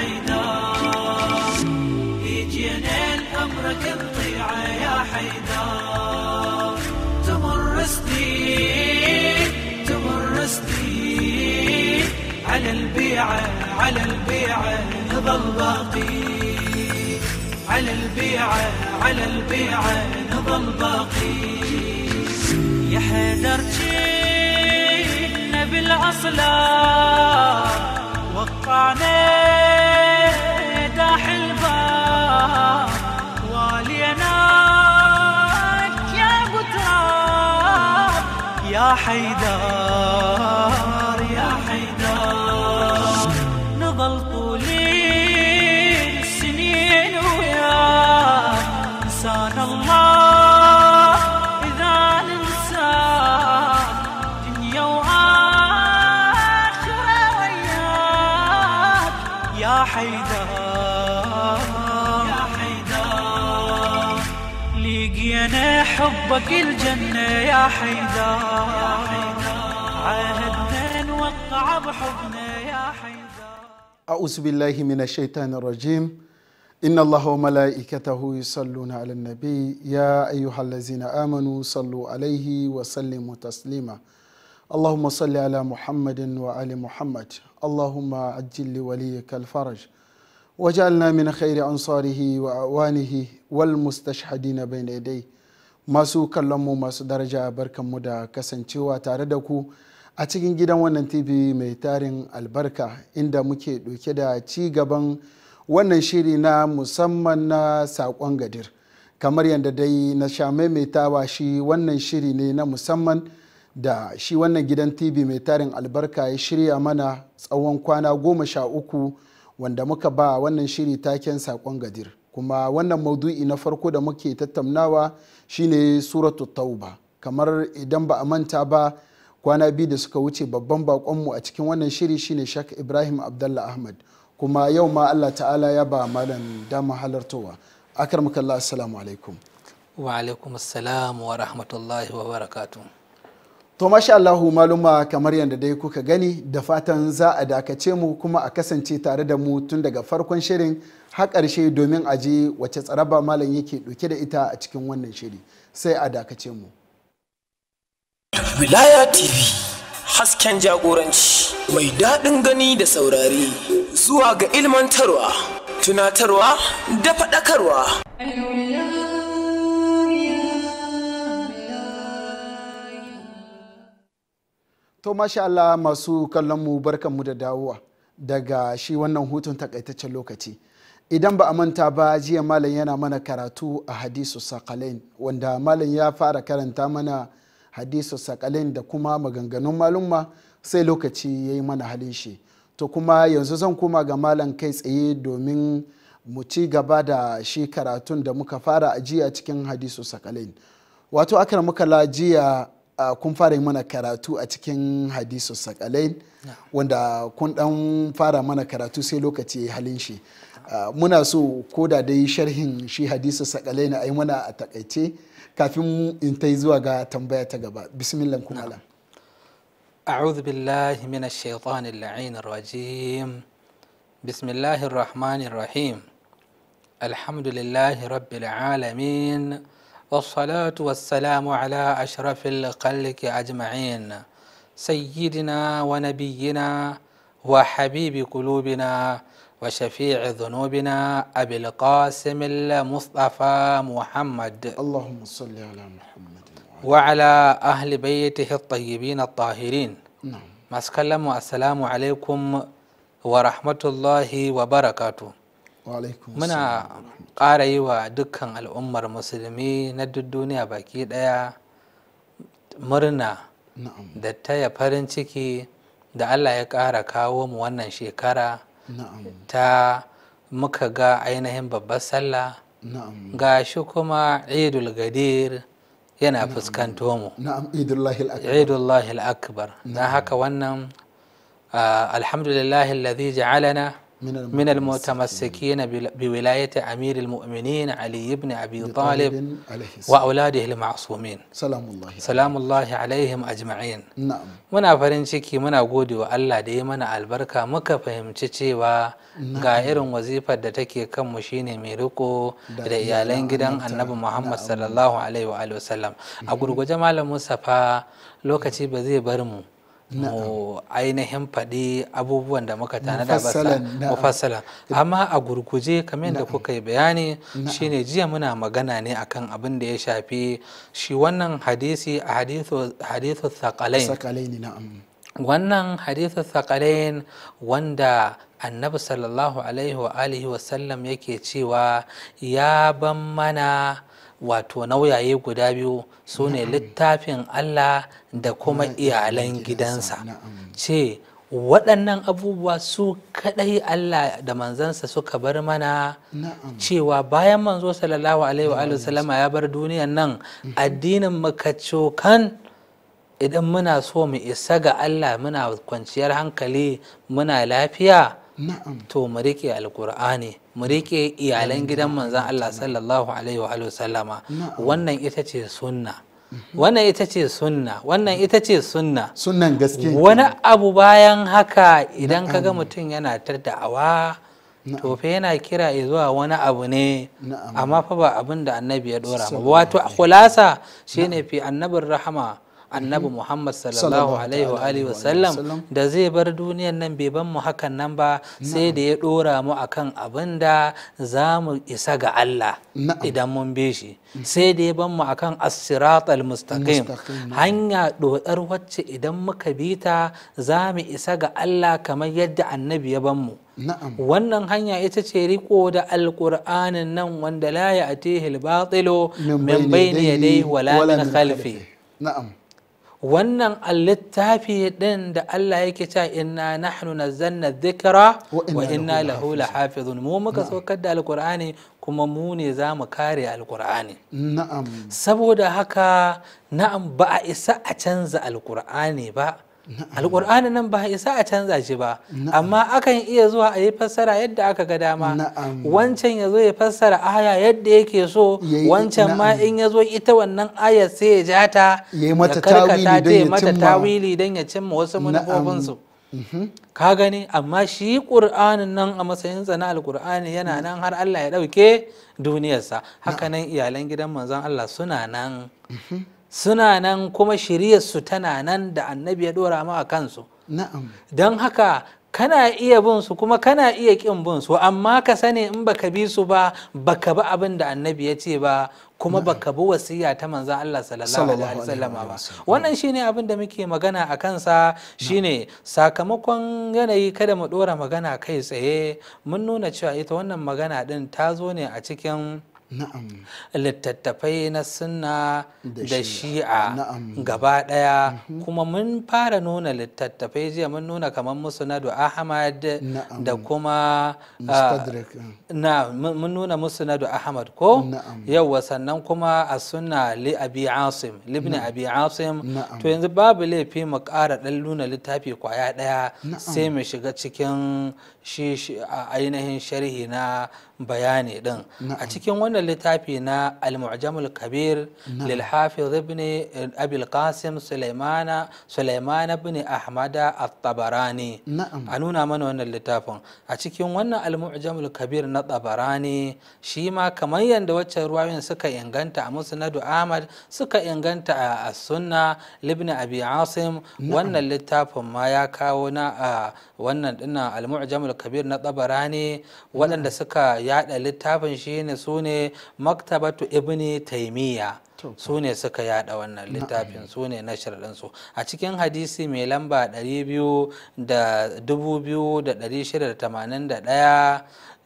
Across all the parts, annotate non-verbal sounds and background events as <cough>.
حيدار يجينا الأمرك الطيعة يا حيدار تمر سنين تمر سنين على البيعة على البيعة نظل باقي على البيعة على البيعة نظل باقي يا حيدر جينا بالأصلاب توقعنا داح الباب وليناك يا ابو يا حيدار يا حيدار نظلت يا حيدار يا حيدار لقينا حبك الجنة يا حيدار عهدنا نوقع بحبنا يا حيدار أعوذ بالله من الشيطان الرجيم إن الله وملائكته يصلون على النبي يا أيها الذين آمنوا صلوا عليه وسلموا تسليما اللهم صل على محمد وآل محمد اللهم عجل لوليك الفرج وجعلنا من خير أنصاره وأوانه والمستشهدين بين يديه masu mu masu daraja mu da kasancewa tare da ku a cikin gidan wannan tv mai tarin albarka inda muke ɗauke da ci gaban wannan shiri na musamman na saƙon gadir kamar yadda dai na sha maimaitawa shi wannan shiri ne na musamman da shi wannan gidan tv mai tarin albarka ya shirya mana tsawon kwana goma sha uku wanda muka ba wannan shiri taken sakon gadir kuma wannan maudu'i na farko da muke tattaunawa shine suratu tauba kamar idan ba a manta ba kwana biyu da suka wuce babban bakonmu a cikin wannan shiri shine shak ibrahim abdallah ahmad kuma yau ma allah ta'ala ya ba malam dama halartowa akar mukalla assalamu alaikum wa alaikum assalam wa rahmatullahi wa barakatuh To masha Allahu maluma kamar yadda dai kuka gani da fatan za a dakace mu kuma a kasance tare da mu tun daga farkon shirin har ƙarshe domin a je wace tsaraba malam yake ɗauke da ita a cikin wannan shiri sai a dakace mu. Wilaya TV hasken jagoranci mai daɗin gani da saurari zuwa ga ilmantarwa tunatarwa da faɗakarwa. to masha Allah masu kallon mu barkan mu da dawowa daga shi wannan hutun takaitaccen lokaci idan ba a manta ba jiya malam yana mana karatu a hadisu sakalin wanda malam ya fara karanta mana hadisu sakalin da kuma maganganun malumma sai lokaci ya yi mana halin shi to kuma yanzu zan koma ga malam kai tsaye domin mu ci gaba da shi karatun da muka fara a jiya cikin hadisu sakalin wato aka muka la jiya kun fara yi mana karatu a cikin hadisu sakalai wanda kun dan fara mana karatu sai lokaci halin shi muna so ko da dai sharhin shi hadisu sakalai na ai mana a takaice kafin in ta zuwa ga tambaya ta gaba bismillah kuma ala أعوذ بالله من الشيطان اللعين الرجيم بسم الله الرحمن الرحيم الحمد لله رب العالمين والصلاة والسلام على أشرف الخلق أجمعين سيدنا ونبينا وحبيب قلوبنا وشفيع ذنوبنا أبي القاسم المصطفى محمد اللهم صل على محمد وعلى أهل بيته الطيبين الطاهرين نعم السلام عليكم ورحمة الله وبركاته muna ƙara yi wa dukkan al'ummar musulmi na duk duniya baki ɗaya murna da taya farin ciki da allah ya ƙara kawo mu wannan shekara ta muka ga ainihin babbar sallah ga shi kuma idul gadir yana fuskanto mu Lahil akbar na haka wannan ah, alhamdulillahi alladhi ja'alana من المتمسكين بولاية أمير المؤمنين علي بن أبي طالب وأولاده المعصومين سلام الله سلام الله عليهم أجمعين نعم muna farin ciki muna gode wa Allah da ya mana albarka muka fahimci cewa ga irin wazifar da take kanmu shine mai riko da iyalan gidan annabi Muhammad sallallahu alaihi wa sallam a gurguje malam Mustafa lokaci ba zai bar mu mu ainihin faɗi abubuwan da muka tanada ba fassala amma a gurguje kamar da kuka yi bayani shine jiya muna magana ne akan abin da ya shafi shi wannan hadisi a hadithu saƙalai wannan hadithu saƙalai wanda annabi sallallahu alaihi wa alihi wa sallam yake cewa ya ban mana wato nauyaye guda biyu su ne littafin Allah da kuma iyalan gidansa ce waɗannan abubuwa su kaɗai Allah da manzansa suka bar mana cewa bayan manzo sallallahu alaihi wa sallama ya bar duniyan nan mhm. addinin makacokan idan muna so mu isa ga Allah muna kwanciyar hankali muna lafiya to mu rike alkur'ani mu rike iyalan gidan manzan Allah sallallahu alaihi wa sallama wannan ita ce sunna wannan ita ce sunna wannan ita ce sunna sunnan gaske wani abu bayan haka idan ka ga mutum yana ta da'awa to fa yana kira zuwa wani abu ne amma fa ba abin da annabi ya dora ba wato khulasa shine fi annabin rahama annabi mhm. muhammad sallallahu alaihi wa sallam da zai bar duniyan nan bai ban mu hakan nan ba sai da ya dora mu akan abin da za mu isa ga allah idan mun bi shi mhm. sai da ya ban mu akan as-siratal mustaqim hanya dodar wacce idan muka bi ta za mu isa ga allah kamar yadda annabi ya ban mu wannan hanya ita ce riko da alkur'anin nan wanda la ya atihil batilo min bayni yadayhi wala min khalfi na'am wannan littafi ɗin da Allah yake cewa inna nahnu nazzalna dhikra wa inna lahu lahafizun mu muka saukar da alqur'ani kuma mu ne za mu kare alqur'ani na'am saboda haka na'am ba a isa a canza alqur'ani ba alƙur'ani nan ba isa a canza shi ba amma akan iya zuwa a yi fassara yadda aka ga dama wancan ya zo ya fassara aya yadda yake so wancan ma in ya zo ita wannan aya sai ya ja ta ya karkata ta ya mata tawili don ya cimma wasu manufofinsu mhm. ka gani amma shi ƙur'ani nan a matsayin na alƙur'ani yana nan har Allah ya ɗauke duniyarsa haka nan iyalan gidan manzon Allah suna nan mhm. suna nan kuma su tana nan da annabi ya dora ma a kansu don haka kana iya bin su kuma kana iya kin bin su amma ka sani in baka bi su ba baka bi abin da annabi ya ce ba kuma baka bi wasiya ta manzon Allah sallallahu alaihi wasallam ba wannan shine abin da muke magana a kansa shine sakamakon yanayi kada mu dora magana kai tsaye mun nuna cewa ita wannan magana din ta zo ne a cikin littattafai na sunna da shi'a gaba daya mhm. kuma mun fara nuna littattafai jiya mun nuna kamar musnadu ahmad da kuma ah, na mun nuna musnadu ahmad ko yauwa sannan kuma a sunna li abi asim libni mm. abi asim to yanzu babu laifi mu kara dan nuna littafi kwaya daya sai mu shiga cikin shi ainihin sharhi na bayani din a cikin wannan littafi na al-mu'jamul kabir lil hafiz ibn abil qasim sulaimana sulaimana ibn ahmada at-tabarani a nuna mana wannan littafin a cikin wannan al-mu'jamul kabir na tabarani shi ma kamar yadda waccan ruwayoyin suka inganta a musnadu ahmad suka inganta a sunna libn abi asim wannan littafin ma ya kawo na wannan dinnan al-mu'jamul kabir na tabarani waɗanda suka yada littafin shi ne su ne maktabatu ibni taimiyya su ne suka yada wannan littafin su ne na su a cikin hadisi mai lamba 2681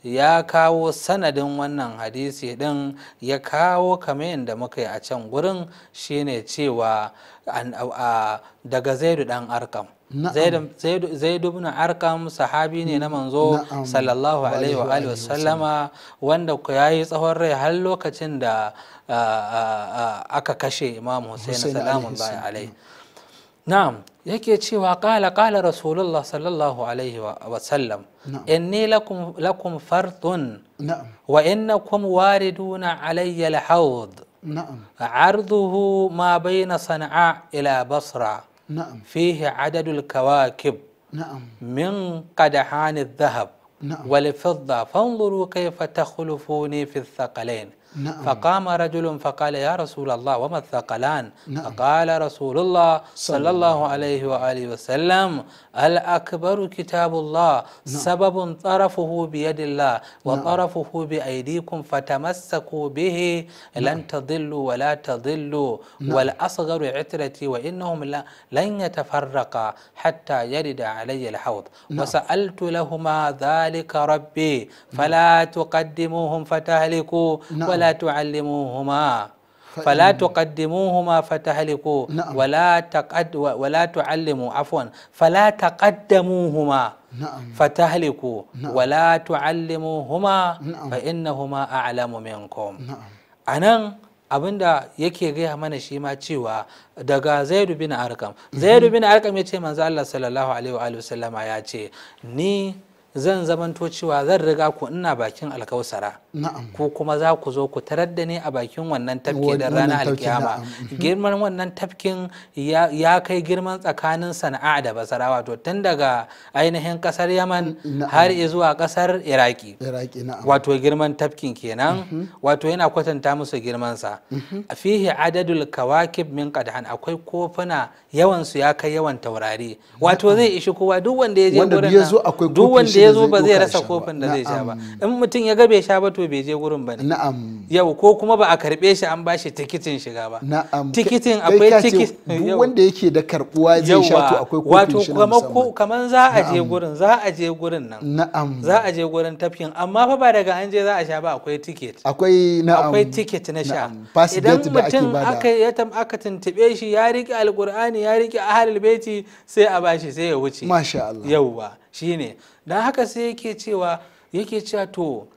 ya kawo sanadin wannan hadisi din ya kawo kamar yadda muka yi a can gurin shine cewa daga zaidu dan arkam نعم. زيد زيد زيد بن عرقم صحابي ني نعم. صلى الله عليه واله وسلم وند كياي تصور ري هل لوكاتين دا آه، آه، آه، اكا كشي امام حسين, حسين سلام الله عليه, عليه نعم يكي تشي وقال قال رسول الله صلى الله عليه وسلم نعم. اني لكم لكم فرط نعم وانكم واردون علي الحوض نعم عرضه ما بين صنعاء الى بصره نعم فيه عدد الكواكب نعم من قدحان الذهب نعم والفضة فانظروا كيف تخلفوني في الثقلين نعم. فقام رجل فقال يا رسول الله وما الثقلان نعم. فقال رسول الله صلى الله عليه وآله وسلم الأكبر كتاب الله نعم. سبب طرفه بيد الله نعم. وطرفه نعم. بأيديكم فتمسكوا به نعم. لن تضلوا ولا تضلوا نعم. والأصغر عترتي وإنهم لن يتفرقا حتى يرد علي الحوض نعم. وسألت لهما ذلك ربي نعم. فلا نعم. تقدموهم فتهلكوا نعم. ولا Walata kada mun huma fatahliku wala ta qaddamun huma fatahliku wala ta callimun huma fa in na huma a calomimen kom. abinda yake gaya mana shi ma cewa daga Zaidu bin argam, Zaidu bin argam ya ce manzara da sallarraho Ali wa sallam ya ce. zan zamanto cewa zan riga ku ina bakin alkausara ko kuma za ku zo ku tarar da ni a bakin wannan tafki da rana alkiyama mm-hmm. girman wannan tafkin ya kai girman tsakanin sana'a da basara wato tun daga ainihin kasar yaman har zuwa kasar iraki wato girman tafkin kenan mm-hmm. wato yana kwatanta musu girmansa mm-hmm. fihi adadul kawakib min qadhan akwai kofuna yawan su ya kai yawan taurari wato zai ishi kowa duk wanda ya je gurin duk wanda ya zo ba zai rasa kofin da zai sha ba in mutum ya ga bai sha ba to bai je gurin ba ne na'am yau ko kuma ba a karbe shi an bashi tikitin shiga ba na'am tikitin akwai tikit wanda yake da karbuwa zai sha to akwai kofin shi wato kamar za a je gurin za a je gurin nan na'am za a je gurin tafkin amma fa ba daga an je za a sha ba akwai tiket akwai na'am akwai tiket na sha idan mutum aka ya tam aka tuntube shi ya riƙe alqur'ani ya riƙe ahlul baiti sai a bashi sai ya wuce masha Allah yauwa shine don haka sai yake cewa yake cewa to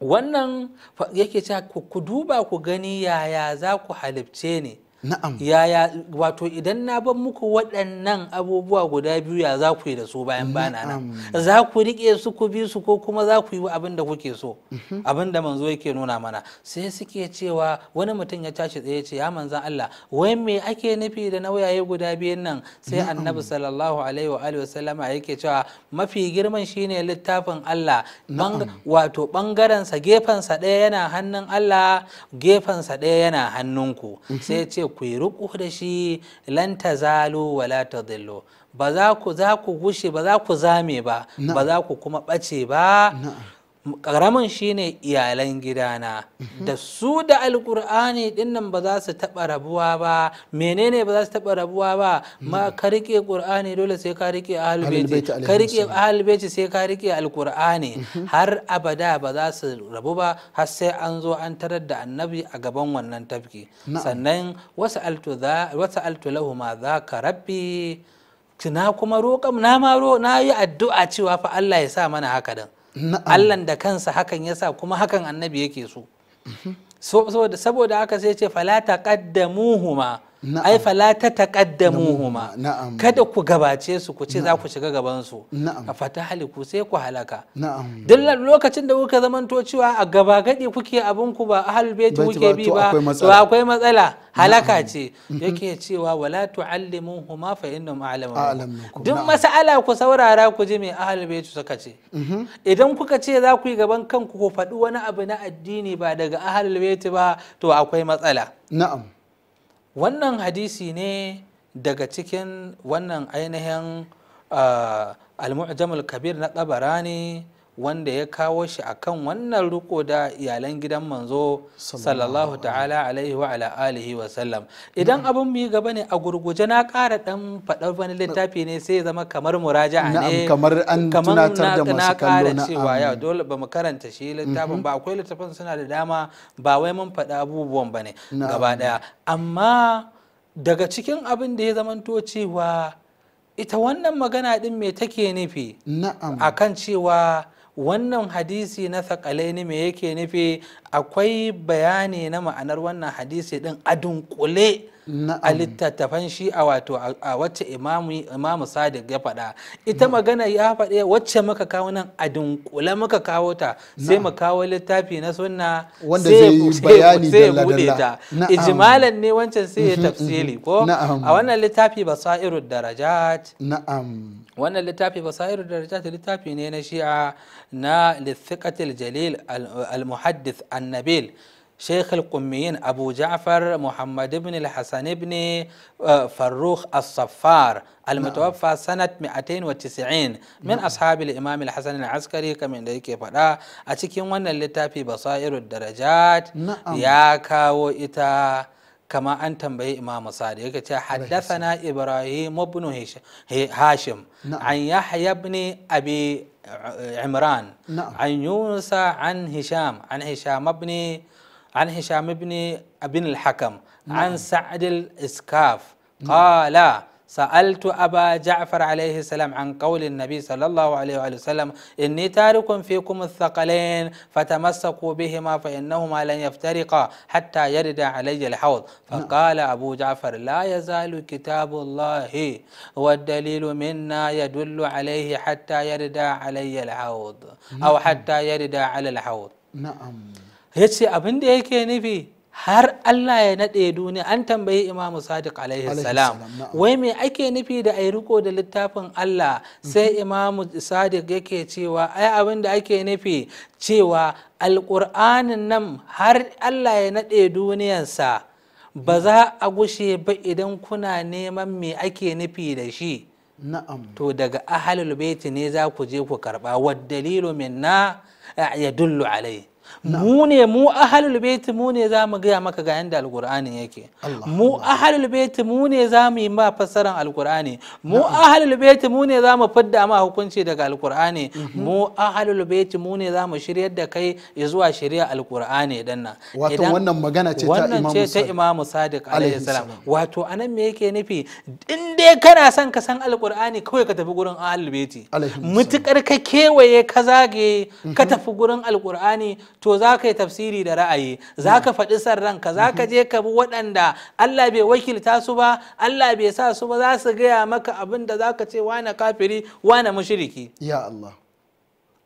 wannan yake cewa ku duba ku gani yaya za ku halibce ne. na'am yaya wato idan na ban muku waɗannan abubuwa guda biyu ya za ku yi da su bayan bana nan za ku riƙe su ku bi su ko kuma za ku yi abin da kuke so mm-hmm. abin da manzo yake nuna mana sai suke cewa wani mutum ya tashi tsaye ce ya manzan Allah wai me ake nufi da nauyaye guda biyun nan sai annabi sallallahu alaihi wa alihi wasallama yake cewa mafi girman shine littafin Allah wato bangaren gefensa gefen ɗaya yana hannun Allah gefensa sa ɗaya yana hannunku mm-hmm. sai ce ku yi ruku da shi lan zalo wala tadillu ba ku za ku gushe ba za ku zame ba ba za ku kuma ɓace ba karamin shine iyalan gidana mhm. da su da alkur'ani dinnan ba za su taɓa rabuwa ba menene ba za su taɓa rabuwa ba ma mhm. ka rike qur'ani dole sai ka rike ahlulbaiti ka rike sai ka rike alkur'ani mhm. har abada ba za su rabu ba har sai an zo an tarar da annabi a gaban wannan tafki sannan wasu altu lahu ma za ka rabbi na kuma roƙam na yi addu'a cewa fa Allah ya sa mana haka din allan da kansa hakan yasa kuma hakan annabi yake so saboda haka sai ce falata huma ai fala ta huma kada ku gabace su ku ce za ku shiga gaban su a fata haliku sai ku halaka duk lokacin da kuka zamanto cewa a gaba gadi kuke abin ba ahlul kuke bi ba to akwai matsala halaka ce mhm. yake cewa wala huma fa inna a'lamun duk mas'ala ku saurara ku ji me ahlul baiti suka ce mhm. idan kuka ce za ku yi gaban kanku ku faɗi wani abu na addini ba daga ahlul baiti ba to akwai matsala na'am wannan hadisi ne daga cikin wannan ainihin ah, al-mu'jamul kabir na tabarani wanda ya kawo shi akan wannan riko da iyalan gidan manzo sallallahu ta'ala alaihi wa ala alihi wa sallam idan abin mu yi gaba ne a gurguje na ƙara dan faɗar wani littafi ne sai ya zama kamar muraja'a ne kamar an tunatar da masu kallo na cewa ya dole ba mu karanta shi littafin mhm. ba akwai littafin suna da dama ba wai mun faɗa abubuwan ba ne gaba ɗaya amma daga cikin abin da ya zamanto cewa ita wannan magana din me take nufi akan cewa wannan hadisi na thakalaini me yake nufi akwai bayani na ma'anar wannan hadisi din a dunkule a littattafan shi a wato a wacce imamu sadiq ya faɗa ita magana ya faɗe wacce muka kawo nan a dunkule muka kawo ta sai mu kawo littafi na sunna sai ya buɗe ta ijimalan ne wancan sai ya mhm, mhm, tafsiri mhm. ko a wannan littafi basairu darajat na'am wannan littafi basairu darajat littafi ne na shi'a na lithiqatil jalil al-muhaddith an-nabil شيخ القميين أبو جعفر محمد بن الحسن بن آه، فروخ الصفار المتوفى نعم. سنة 290 من نعم. أصحاب الإمام الحسن العسكري كما ذلك فلا أتكين وانا اللتافي بصائر الدرجات نعم. يا كاو إتا كما أنتم به إمام صادق حدثنا إبراهيم بن هاشم نعم. عن يحيى بن أبي عمران نعم. عن يونس عن هشام عن هشام بن عن هشام بن بن الحكم نعم. عن سعد الإسكاف نعم. قال سألت أبا جعفر عليه السلام عن قول النبي صلى الله عليه وآله وسلم إني تارك فيكم الثقلين فتمسكوا بهما فإنهما لن يفترقا حتى يرد علي الحوض نعم. فقال أبو جعفر لا يزال كتاب الله والدليل منا يدل عليه حتى يرد علي الحوض أو نعم. حتى يرد على الحوض نعم ya ce abin da yake nufi har Allah ya naɗe duniya an tambayi imamu sadiq alaihi salam wai me ake nufi da a riko da littafin Allah mhm. sai imamu sadiq yake cewa ai abin da ake nufi cewa alƙur'anin nan har Allah ya naɗe duniyansa ba za a gushe ba idan kuna neman me ake nufi da shi to daga ahalul baiti ne za ku je ku karba wa dalilu minna ya dullu alai mu ne mu ahalul baiti mu ne zamu gaya maka ga yanda alqur'ani yake mu ahalul baiti mu ne zamu yi ma fassaran alqur'ani mu ahalul baiti mu ne zamu fadda ma hukunci daga alqur'ani mhm. mu ahalul baiti mu ne zamu shiryar da kai zuwa shari'a alqur'ani dan nan wato wannan magana ce ta imamu ce ta imamu sadiq alaihi salam wato anan me yake nufi in dai kana son ka san alqur'ani kawai ka tafi gurin ahalul baiti mutukar ka kewaye ka zage ka mhm. tafi gurin alqur'ani to za ka yi tafsiri da ra'ayi za ka faɗi san ranka za ka je ka bi waɗanda Allah bai wakilta su ba Allah bai sa su ba za su gaya maka abin da za ka ce wane kafiri wane mushriki ya Allah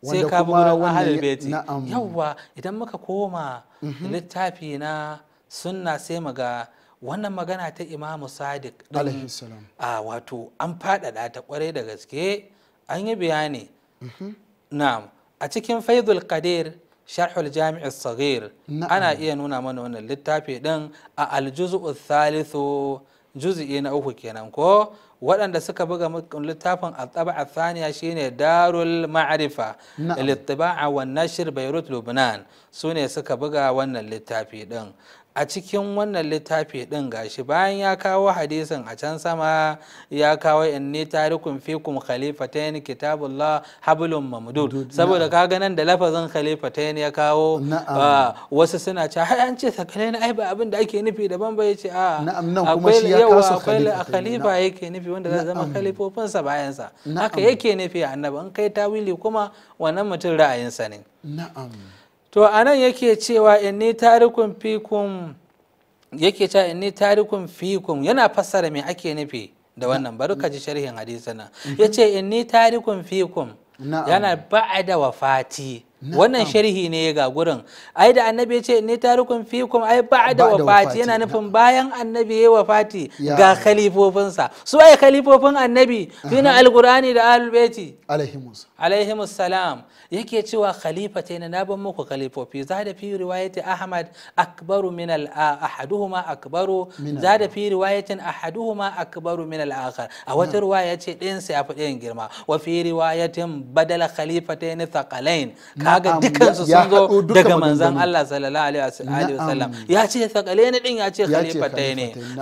sai ka bi wurin ahalul yawwa idan muka koma mhm. littafi na sunna sai mu wannan magana ta imamu sadiq a wato an faɗaɗa ta kwarai da gaske an yi bayani mhm. na a cikin faidul qadir sharhul jami'i saghir ana iya nuna mana wannan littafi din a aljuzu thalithu juz'i na uku kenan ko waɗanda suka buga littafin al-taba'a thaniya shine darul ma'rifa lil-tiba'a wan nashr beirut lubnan sune suka buga wannan littafi din a cikin wannan littafi ɗin gashi bayan ya kawo hadisin a can sama ya kawo in inni tarikun fikum khalifatayn kitabullah hablum mamdud saboda kaga nan da lafazin khalifatayn ya kawo wasu suna ce har an ce sakalai na ai ba abin da ake nufi daban ba yace a na'am nan kuma shi ya kawo khalifa khalifa yake nufi wanda zai zama khalifofin sa bayan sa haka yake nufi annabi in kai tawili kuma wannan mutum ra'ayin sa ne na'am to anan yake cewa inni tarikun fikum yake cewa inni tarikun fikun yana fassara me ake nufi da wannan bari ka ji sharhin hadisin nan mm-hmm. yace inni tarikun fikun yana ba'ada wafati wannan sharhi ne ga gurin ai da annabi ce ne tarikun fikum ai ba'da wafati yana nufin bayan annabi ya wafati ga khalifofinsa su ai khalifofin annabi fina alqur'ani da ahlul baiti alaihimus salam yake cewa khalifatai na ban muku khalifofi zada fi riwayati ahmad akbaru min al ahaduhuma akbaru zada fi riwayatin ahaduhuma akbaru min al akhar a wata riwaya ce ɗayan sai fi ɗayan girma wa fi riwayatin badala khalifatai thaqalain ka kaga su sun zo daga manzan Allah sallallahu alaihi wasallam ya ce sakalaini din ya ce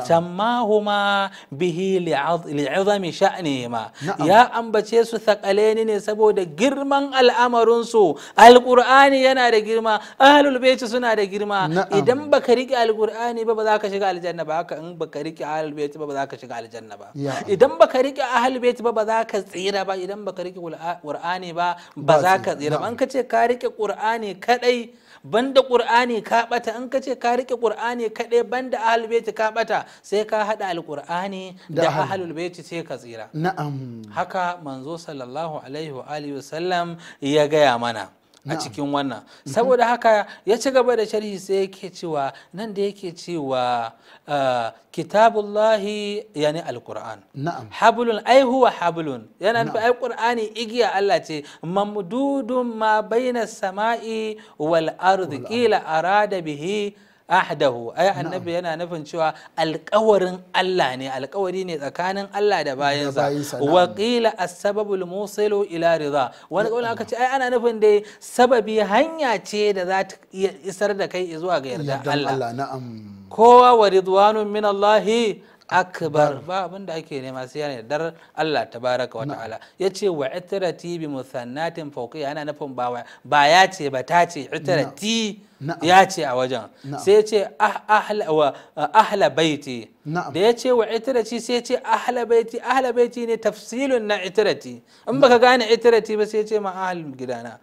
tamma huma bihi li'azami ma ya ambace su sakalaini ne saboda girman al'amarin su alqur'ani yana da girma ahlul baiti suna da girma idan baka rike alqur'ani ba ba za ka shiga aljanna ba haka in baka rike ahlul baiti ba ba za ka shiga aljanna ba idan baka rike ahlul baiti ba ba za ka tsira ba idan baka rike qur'ani ba ba za ka tsira ba an ka ka riƙe ƙur'ani kaɗai banda ƙur'ani ka ɓata in ka ce ka riƙe ƙur'ani kaɗai banda ahlul baiti ka ɓata sai ka haɗa alƙur'ani da ahlul baiti sai ka tsira na'am haka manzo sallallahu alaihi wa alihi ya gaya mana a cikin wannan mhm. saboda haka ya ci gaba da sharhi sai yake cewa nan da yake cewa ah, kitabullahi yani alquran na'am hablun ai huwa hablun yana nufi ai qur'ani igiya Allah ce mamdudun ma baina sama'i wal ardi qila arada bihi ahdahu ai annabi yana nufin cewa alkawarin Allah ne alkawari ne tsakanin Allah da bayansa wa qila as-sababul musilu ila ridha wani kawai aka ce ai ana nufin dai sababi hanya ce da za ta isar da kai zuwa ga yarda Allah kowa wa ridwanun min Allah akbar ba abin da ake nema sai yana dar Allah tabaraka wa ta'ala yace wa itrati bi muthannatin fawqiyya ana nufin ba ba ya ce ba ta ce itrati ya ce a wajen sai yace ah, ahla wa ahla baiti da yace wa itrati sai yace ahla baiti ahla baiti ne tafsilun na itrati in baka gane itrati ba sai yace ma ahlul gidana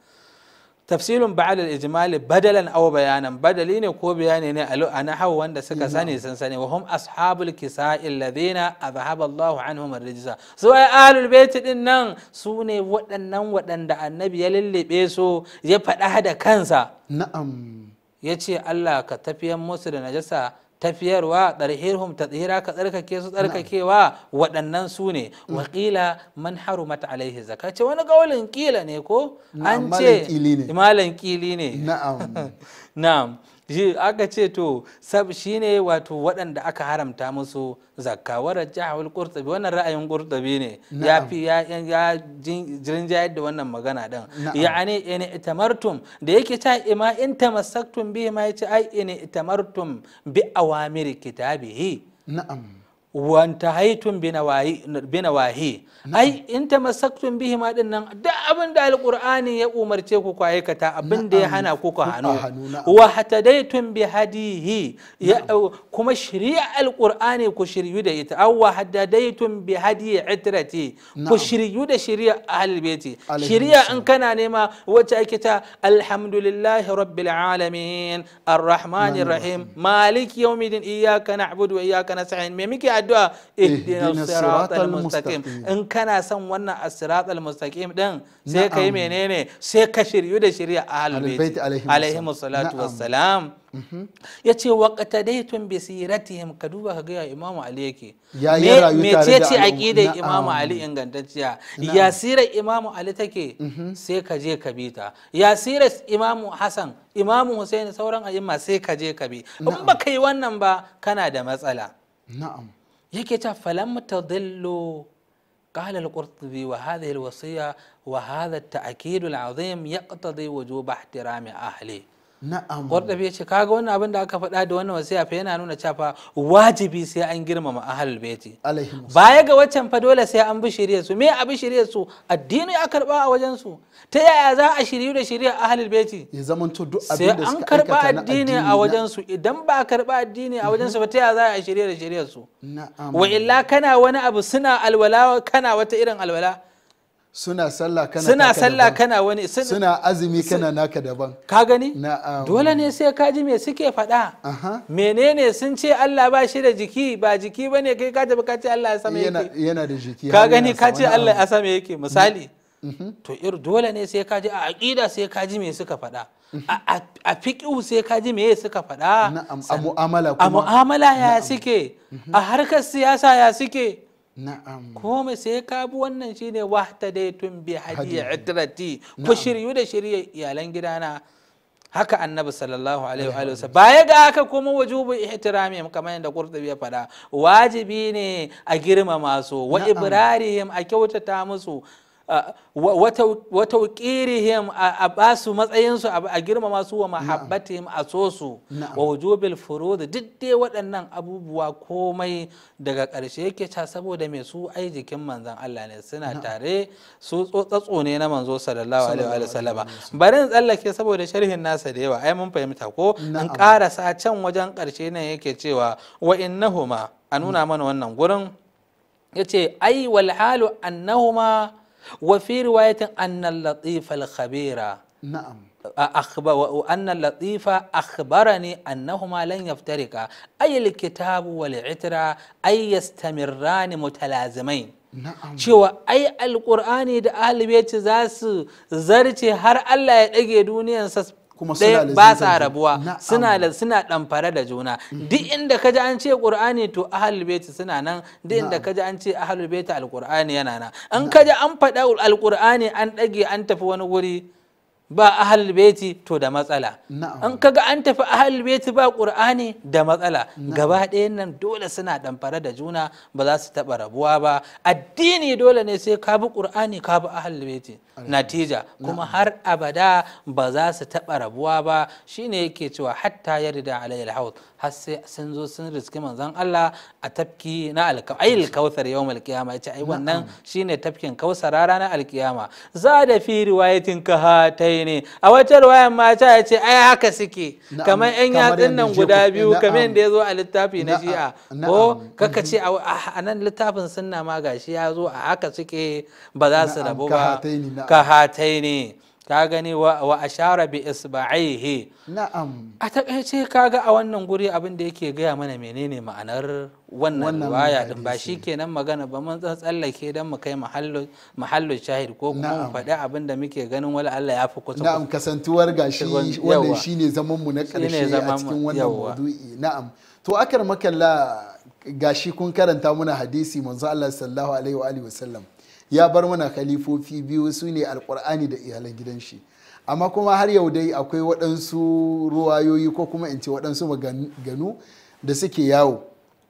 tafsilun ba'al al-ijmali badalan aw bayanan badali ne ko bayani ne a hawa wanda suka sani sun sani wa hum ashabul kisa'i alladhina azhaba Allahu anhum ar-rijsa su ai ahlul bait din nan su ne waɗannan waɗanda annabi ya lullube su ya faɗa da kansa na'am yace Allah ka tafiyan musu da najasa tafiyarwa ta tadhira ka tsarkake su tsarkakewa waɗannan su ne wakila man harumat alaihi zaka ce wani gaulin kila ne ko an ce malan kili ne na'am <laughs> na'am aka ce to sab shine wato waɗanda aka haramta musu zakka wa jahawar qurtubi wannan ra'ayin qurtubi ne ya fi ya jirinjayar da wannan magana ya ne in itamartum da yake ta ima in tamassaktum biyu ma ce ai in itamartum bi awamir kitabihi na'am wantahaitun binawahi ai in tamassaktum bihi ma din nan duk abin da alqur'ani ya umarce ku ku aikata abin da ya hana ku ku hannu wa hatadaitun bi hadihi kuma shari'a alqur'ani ku shiryu da ita aw wa hadadaitun bi hadi itrati ku shiryu da shari'a ahlul baiti shari'a in kana nema wacce ake ta alhamdulillahi rabbil alamin arrahmanir rahim maliki yawmiddin iyyaka na'budu wa iyyaka nasta'in me addu'a eh, ihdina siratal mustaqim in kana son wannan as-siratal mustaqim din sai ka yi menene sai ka shiryu da shirya ahlul alaihi salatu wassalam mhm. yace waqtadaytum bi siratihim ka duba ka ga imam ali yake me ce ce aqidar imam ali ingantacciya ya sirar imam ali take mhm. sai ka je ka bita ya sirar imam hasan imam husaini sauran a'imma sai ka je ka bi in baka yi wannan ba kana da matsala na'am يكتا فلم تضلوا قال القرطبي وهذه الوصية وهذا التأكيد العظيم يقتضي وجوب احترام أهله na'am gwardabi ya ce kaga wannan abin da aka faɗa da wannan wasiya fa yana nuna cewa wajibi sai an girmama ahlul baiti baya ga waccan fa dole sai an bi shirya su me a bi shirya su addini a karba a wajen su ta yaya za a shiryu da a ahlul baiti ya to duk abin da suka aikata na addini a wajen su idan ba a karba addini a wajen su ba ta yaya za a shirya da shirye su na'am wa illa kana wani abu suna alwala kana wata irin alwala suna sallah kana suna sallah kana wani suna azumi kana naka daban ka gani um, dole ne sai ka ji me suke faɗa menene sun ce Allah ba shi da jiki ba jiki bane kai ka tafi ka ce Allah ya sama yake yana da jiki ka gani ka ce Allah ya sama yake misali mhm. Mhm. to ir dole ne sai ka ji a aqida sai ka ji me suka faɗa mhm. a fiqhu sai ka ji me suka faɗa a mu'amala kuma a mu'amala ya suke a harkar siyasa ya suke na'am komai sai ka bi wannan shine wahtadaitun bi hadiya itrati ku shiryu da shirya iyalan gidana haka annabi sallallahu alaihi wa sallam baya ga haka kuma wajubu ihtiramihim kamar yadda qurtubi ya faɗa wajibi ne a girmama su wa ibrarihim a kyautata musu wa tauqirihim a basu matsayinsu a girmama su wa mahabbatihim a so su wa wujubil furud duk dai waɗannan abubuwa komai daga ƙarshe yake ta saboda mai su ai jikin manzon Allah ne suna tare su tsotsatso ne na manzo sallallahu alaihi wa sallama bari in tsallake saboda sharhin nasa da yawa ai mun fahimta ko in karasa can wajen ƙarshe nan yake cewa wa innahuma a nuna mm. mana wannan gurin yace ai wal halu annahuma وفي رواية أن اللطيف الخبير نعم أخبر وأن اللطيف أخبرني أنهما لن يفترقا أي الكتاب والعترة أي يستمران متلازمين نعم شو أي القرآن da ahli baiti za su zarce har Allah ya kuma suna ba sa rabuwa suna suna damfare da juna mm-hmm. duk inda ka ji an ce qur'ani to ahlul baiti suna nan duk inda ka an ce ahlul baiti alqur'ani yana nan an ka ji an faɗa alqur'ani an dage an tafi wani guri ba ahlul baiti to da matsala an kaga an tafi ahlul baiti ba qur'ani da matsala gaba ɗayan nan dole suna damfare da juna ba za su taɓa rabuwa ba addini dole ne sai ka bi qur'ani ka bi ahlul baiti natija kuma har abada ba za su taɓa rabuwa ba shine yake cewa hatta yarda alayhi alhawd har sai sun zo sun riski manzon Allah a tafki na alkawthar yawm alqiyama yace ai wannan shine tafkin kausara ranar alkiyama za da fi riwayatin kahataini a wata riwayar mata yace ai haka suke kamar yan yatsun nan guda biyu kamar yadda yazo a littafi na jiya ko mhm. kaka ce ah, a nan littafin sunna ma gashi ya zo a haka suke ba za su rabu ba ka hataini ka gani wa ashara bi isba'ihi na'am a takaice kaga a wannan guri abin da yake gaya mana menene ma'anar wannan riwaya din ba shi kenan magana ba mun tsallake dan mu kai mahallu shahid ko kuma mu faɗi abin da muke ganin wala Allah ya fi kusa na'am kasantuwar gashi wannan shine zaman mu na karshe a cikin wannan maudu'i na'am to akar makalla gashi kun karanta muna hadisi manzo Allah sallallahu alaihi wa alihi wa sallam ya bar mana khalifofi biyu su ne alkur'ani da iyalan gidan shi amma kuma har yau dai akwai waɗansu ruwayoyi ko kuma in ce waɗansu maganu da suke yawo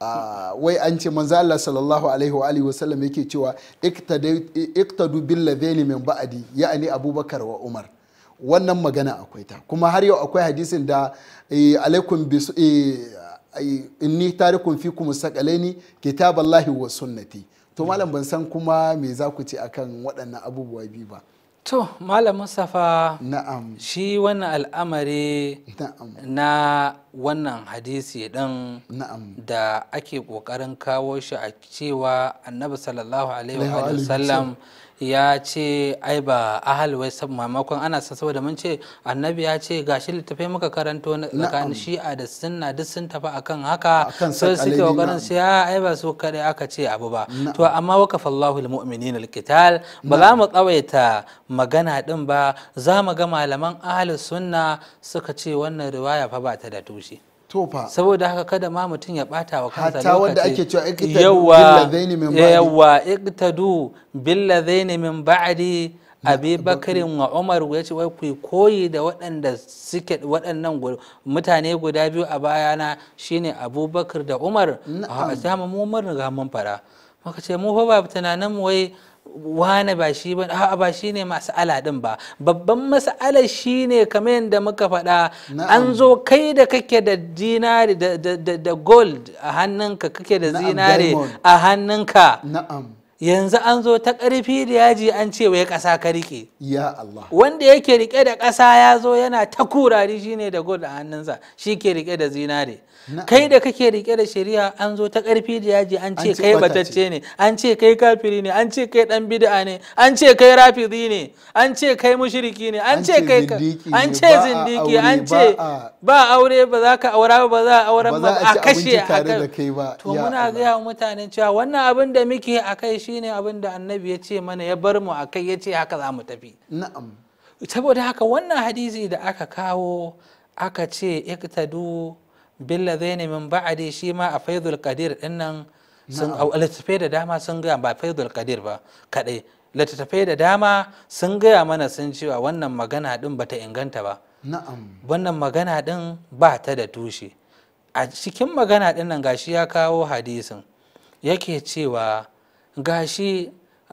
ah, wai an ce manzo Allah sallallahu alaihi wa alihi wasallam yake cewa iktadu bil ladhini min ba'di ya'ni abubakar wa umar wannan magana akwai ta kuma har yau akwai hadisin da eh, alaikum eh, inni tarikum fikum sakalaini kitaballahi wa sunnati to malam ban san kuma me za ku ce akan waɗannan abubuwa biyu ba to malam mustafa na'am shi wannan al'amari na wannan hadisi din na'am da ake ƙoƙarin kawo shi a cewa annabi sallallahu alaihi wa sallam ya ce ai ba ahal wai mamakon ana saboda mun ce annabi ya ce gashi littafai muka karanto na shi'a da sunna duk sun tafi akan haka sai suke kokarin sai ai ba su kaɗai aka ce abu ba to amma wakafa Allahu almu'minin alqital ba za mu tsawaita magana din ba za mu ga malaman ahal sunna suka ce wannan riwaya fa ba ta da tushe saboda haka kada ma mutum ya bata wa kansa lokaci wanda ake cewa yawa iqtadu billadaini min ba'di abi bakarin wa umar ya ce wai ku koyi da waɗanda suke waɗannan mutane guda biyu a baya na shine abubakar da umar a mu mun ga mun fara muka ce mu fa ba tunanin mu wai wane ba shi ba a ba shi ne mas'ala din ba babban mas'ala shi ne kamar yadda muka faɗa an zo kai da kake da dinari da gold a hannunka kake da zinare a hannunka na'am yanzu an zo ta ƙarfi da yaji an ce wai ƙasa ka riƙe ya Allah wanda yake riƙe da ƙasa ya zo yana ta kurari shine da gold a hannunsa shi ke riƙe da zinare kai da kake riƙe da shari'a an zo ta ƙarfi da yaji an ce kai batacce ne an ce kai kafiri ne an ce kai dan bid'a ne an ce kai rafidi ne an ce kai mushriki ne an ce kai an ce zindiki an ce ba aure ba za ka aura ba za a auren ba a kashe a kai to muna ga mutanen cewa wannan abin da muke a kai shi shine abin da annabi ya ce mana ya bar mu a kai ya ce haka za mu tafi na'am saboda haka wannan hadisi da aka kawo aka ce iktadu ne min ba'adi shi ma a faizul qadir dinnan sun littattafai da dama sun gaya ba faizul qadir ba kadai littattafai da dama sun gaya mana sun cewa wannan magana din bata inganta ba na'am wannan magana din ba ta da tushe a cikin magana din nan gashi ya kawo hadisin yake cewa gashi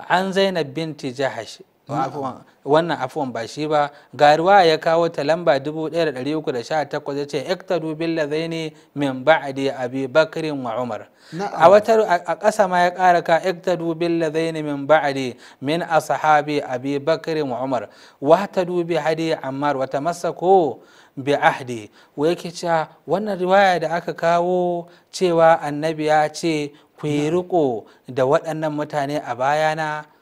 an zainab binti jahash ah. wannan afuwan ba shi ba ga ya kawo ta lamba 1318 ya ce iktadu billazaini min ba'di abi bakrin wa umar a wata a ƙasa ma ya ƙara ka iktadu billazaini min ba'di min ashabi abi bakrin wa umar wa dubi hadi ammar wata masa ko bi ahdi wa yake cewa wannan riwaya da aka kawo cewa annabi ya ce ku yi riko da waɗannan mutane a bayana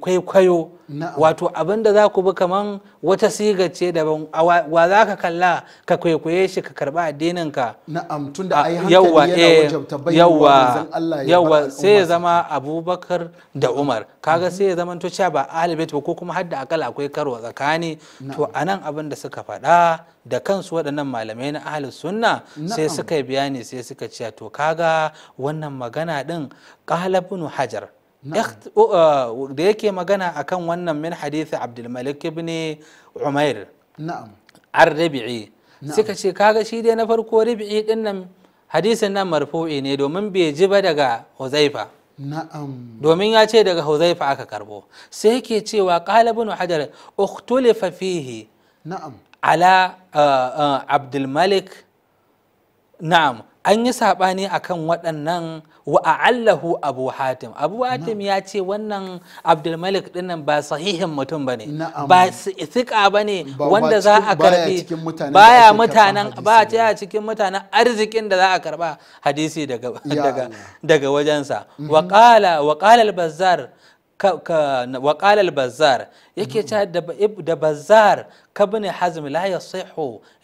kwaikwayo wato abin da za ku bi kaman wata siga ce daban wa za ka kalla ka kwaikwaye shi ka karba addinin ka na'am tun da ai hankali yana yawa eh, sai ya zama Abubakar da Umar kaga mhm. sai ya zama to ba Ahlul ba ko kuma hadda akal akwai karo tsakani to anan abin da suka faɗa da kansu waɗannan malamai na ahli Sunna sai suka yi bayani sai suka ce to kaga wannan magana din ƙalabinu Hajar Uh, da yake magana akan wannan min hadithi abdulmalik ibn umair an rabi'i suka ce kaga shi dai na farko rabi'i din nan hadisin nan marfu'i ne domin bai ji ba daga huzaifa domin ya ce daga huzaifa aka karbo sai yake cewa qalibun hajar ukhtulifa fihi ala uh, uh, abdulmalik na'am an yi saɓani a kan waɗannan wa'allahu abu hatim abu hatim ya ce wannan abdulmalik dinnan ba sahihin mutum ba ne ba siƙa ba ne wanda za a karɓi baya mutanen ba ya cikin mutanen arzikin da za a karɓa hadisi daga wajensa mhm. waƙala waƙala وقال البزار يكي نعم. دب إب دبزار كبني حزم لا يصح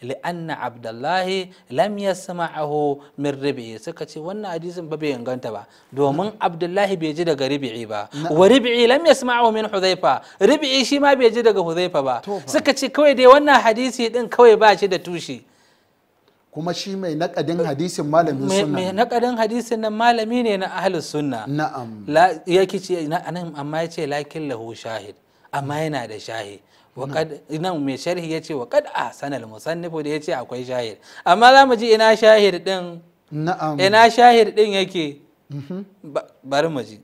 لأن عبد الله لم يسمعه من ربعي سكتي وانا أديزم ببي انغانتا با دو من نعم. عبد الله بيجد ربعي با نعم. وربعي لم يسمعه من حذيفة ربعي شي ما بيجد حذيفة با سكتي كوي دي وانا حديثي دن كوي با شي توشي kuma shi mai nakadin hadisin malamin sunna mai nakadin hadisin nan malami ne na ahlus sunna na'am ya yake ce nan amma yace lakin lahu shahid amma yana da shahi. nan mai sharhi ce wa kada ahsana al musannif da ya ce akwai shahid amma za mu ji ina shahid din na'am ina shahid din yake mhm. bari mu ji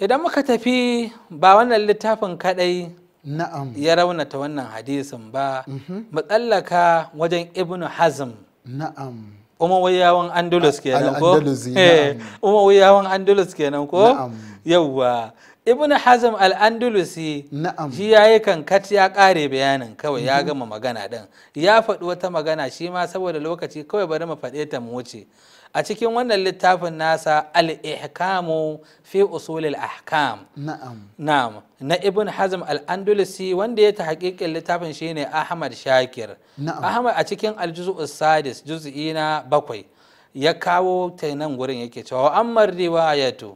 idan muka tafi ba wannan littafin kadai ya raunata wannan hadisin ba matsallaka mhm. wajen ibnu hazm eh, umawiyawan andalus kenan ko umawiyawan andalus kenan ko yawwa ibnu hazm al-andalusi shi yayi yi kankat ya kare bayanin kawai ya mhm. gama magana din ya faɗi wata magana shi ma saboda lokaci kawai bari mu faɗe ta mu wuce a cikin wannan littafin nasa al-ihkamu fi usulil ahkam na'am na ibn hazm al-andalusi wanda ya ta tahqiqin littafin shine ahmad shakir ahmad a cikin al-juz'u sadis juz'i na bakwai ya kawo ta nan gurin yake cewa ammar riwayatu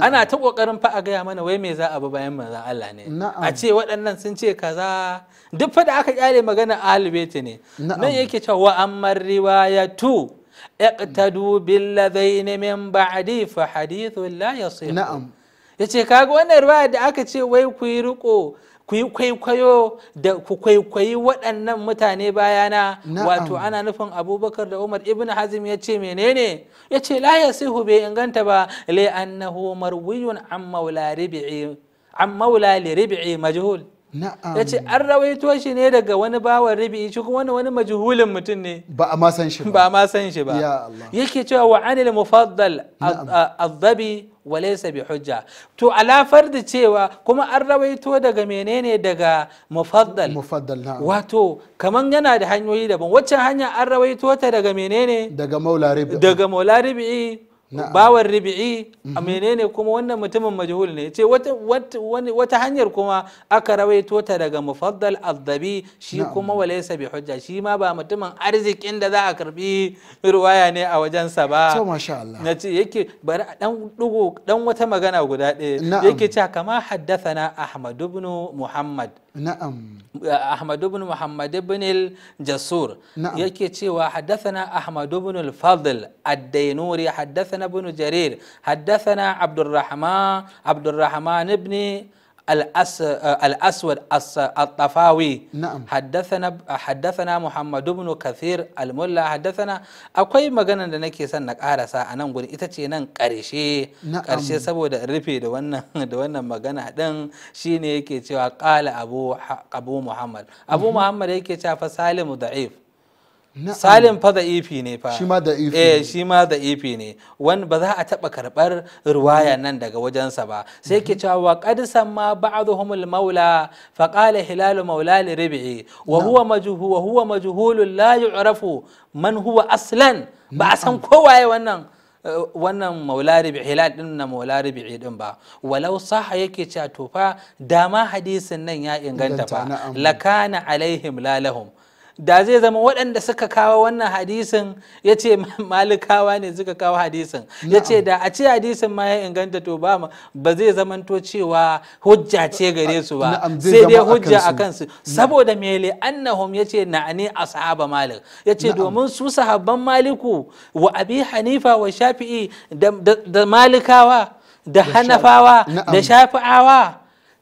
ana ta kokarin fa a gaya mana wai me za a bi bayan manzon Allah ne a ce waɗannan sun ce kaza duk fa da aka kyale magana ahlul ne nan yake cewa ammar riwayatu iqtadu billadhaini min ba'di fa hadithun la yasih na'am yace kaga wannan riwaya da aka ce wai ku yi riko ku yi kwaikwayo da ku kwaikwayi waɗannan mutane bayana wato ana nufin abubakar da umar ibn hazim ya ce menene ya ce la yasihu bai inganta ba lai annahu marwiyun an maula an maula li ribi'i majhul ya ce an rawaito shi ne daga wani bawan rabi'i shi kuma wani majhulin mutum ne ba a ma san shi ba ba a ma san shi ba yake cewa wa anil mufaddal azzabi wa laysa bi hujja to alafar da cewa kuma an rawaito daga menene daga mufaddal mufaddal na'am wato kaman yana da hanyoyi daban wacce hanya an rawaito ta daga menene daga maula rabi'i daga maula rabi'i bawan ribi'i a mhm. menene kuma wannan mutumin majhul ne ce wata hanyar kuma aka rawaito ta daga mufaddal azzabi shi kuma walaysa bi hujja shi ma ba mutumin arzikin da za a karbi ruwaya ne a wajensa ba na masha Allah yake bari dan dan wata magana guda ɗaya yake ce kama haddathana ahmad ibn muhammad na'am ahmad ibn muhammad ibn al-jasur yake cewa haddathana ahmad ibn al-fadl ad-dainuri haddathana بن جرير حدثنا عبد الرحمن عبد الرحمن بن الأس الأسود الأس الطفاوي نعم حدثنا حدثنا محمد بن كثير الملا حدثنا أكوي مجانا لنكي سنة أرسا أنا أقول إتتي نان كاريشي نعم كاريشي سبو ريبي دوانا دوانا مجانا دن شيني كي قال أبو أبو محمد أبو محمد هيك شاف سالم ضعيف salim fa da ifi ne fa shi ma da ifi eh shi ma da ifi ne wani ba za a taba karbar ruwaya nan daga wajensa ba sai ke cewa qad samma ba'dhum al-maula fa qala hilal maula li rabi'i wa huwa majhul wa huwa majhul la yu'rafu man huwa aslan ba a san kowaye wannan eh, wannan maula rabi hilal din na maula din ba walau saha yake cewa to fa dama hadisin nan ya inganta fa lakana alaihim lalahum da zai zama waɗanda suka kawo wannan hadisin ya ce <laughs> malikawa ne suka kawo hadisin ya ce da a ce hadisin ma ya inganta to ba ba zai zamanto cewa hujja ce gare su ba sai dai hujja a kansu saboda mele annahum ya ce na a ashaba malik ya ce domin su sahabban maliku wa abi hanifa wa shafi'i da malikawa da hanafawa da shafi'awa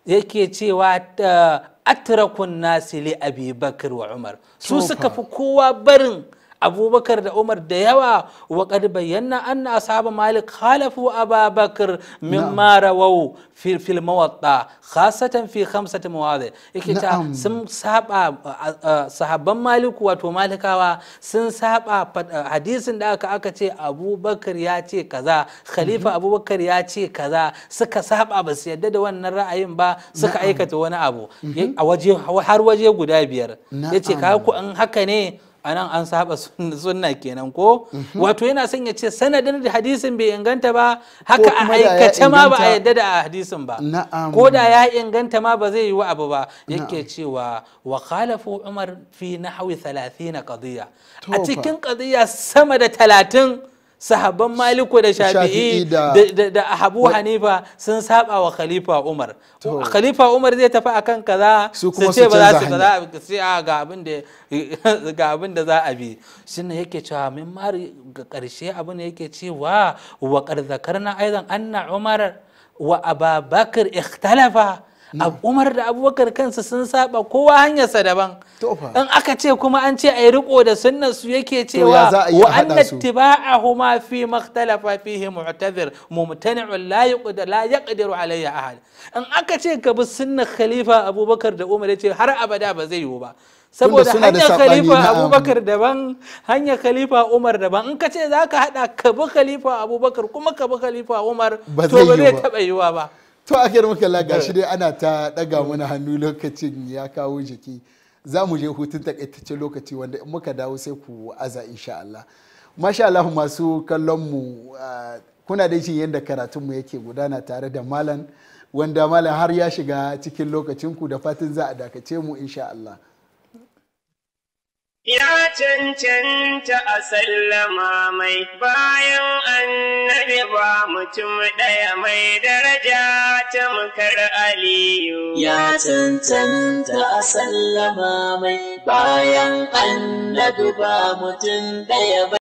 yake cewa eh, atrakun nasi li abi bakar wa umar su suka fi kowa barin abubakar da umar da yawa wa qad bayyana anna ashab malik khalafu ababakar mimma rawaw fi fil mawatta khasatan fi khamsati mawadi yake sun saba sahabban malik wato malikawa sun saba hadisin da aka aka ce abubakar ya ce kaza khalifa mhm. abubakar ya ce kaza suka saba ba su yadda da wannan ra'ayin ba suka aikata wani abu mhm. a waje har waje guda biyar yace kaku ku in haka ne A nan an saba sunna kenan ko wato yana son ya ce sanadin da hadisin bai inganta ba haka a aikace ma ba a yadda da hadisin ba ko da ya inganta ma ba zai yi wa abu ba yake cewa wa khalafu umar fi nahwi 30 qadiya a cikin qadiya sama da talatin. sahabban maliku da shafi'i da abu hanifa sun saba wa khalifa umar khalifa umar zai tafi akan kaza su ce ba za su kaza a ga abin da <laughs> ga za a bi shine yake cewa min mari ga karshe abin da yake cewa wa qad na aizan anna umar wa ababakar ikhtalafa umar da abubakar kansu sun saba kowa hanyarsa daban in aka ce kuma an ce a yi riko da sunnar su yake cewa wa anna tiba'ahuma fi makhtalafa fihi mu'tazir mumtani'un la yuqdir la yaqdiru alayya ahad in aka ce ka bi sunnar khalifa abubakar da umar yace har abada ba zai yiwu ba saboda hanyar khalifa abubakar daban hanyar khalifa umar daban in ka ce za ka haɗa ka bi khalifa abubakar kuma ka bi khalifa umar to ba zai taɓa yiwa ba to a kira muka laga shi eh. dai ana ta daga mana hannu lokacin ya kawo jiki za mu je hutun takaitaccen lokaci wanda muka dawo sai ku aza insha Allah masha Allah masu kallon mu kuna da jin yadda karatun mu yake gudana tare da malam wanda malam har ya shiga cikin lokacin ku da fatin za a dakace mu insha Allah Ya cancanta a sallama mai bayan annabi ba mutum ɗaya mai daraja ta mukar aliyu. Ya cancanta a sallama mai bayan annabi ba mutum ɗaya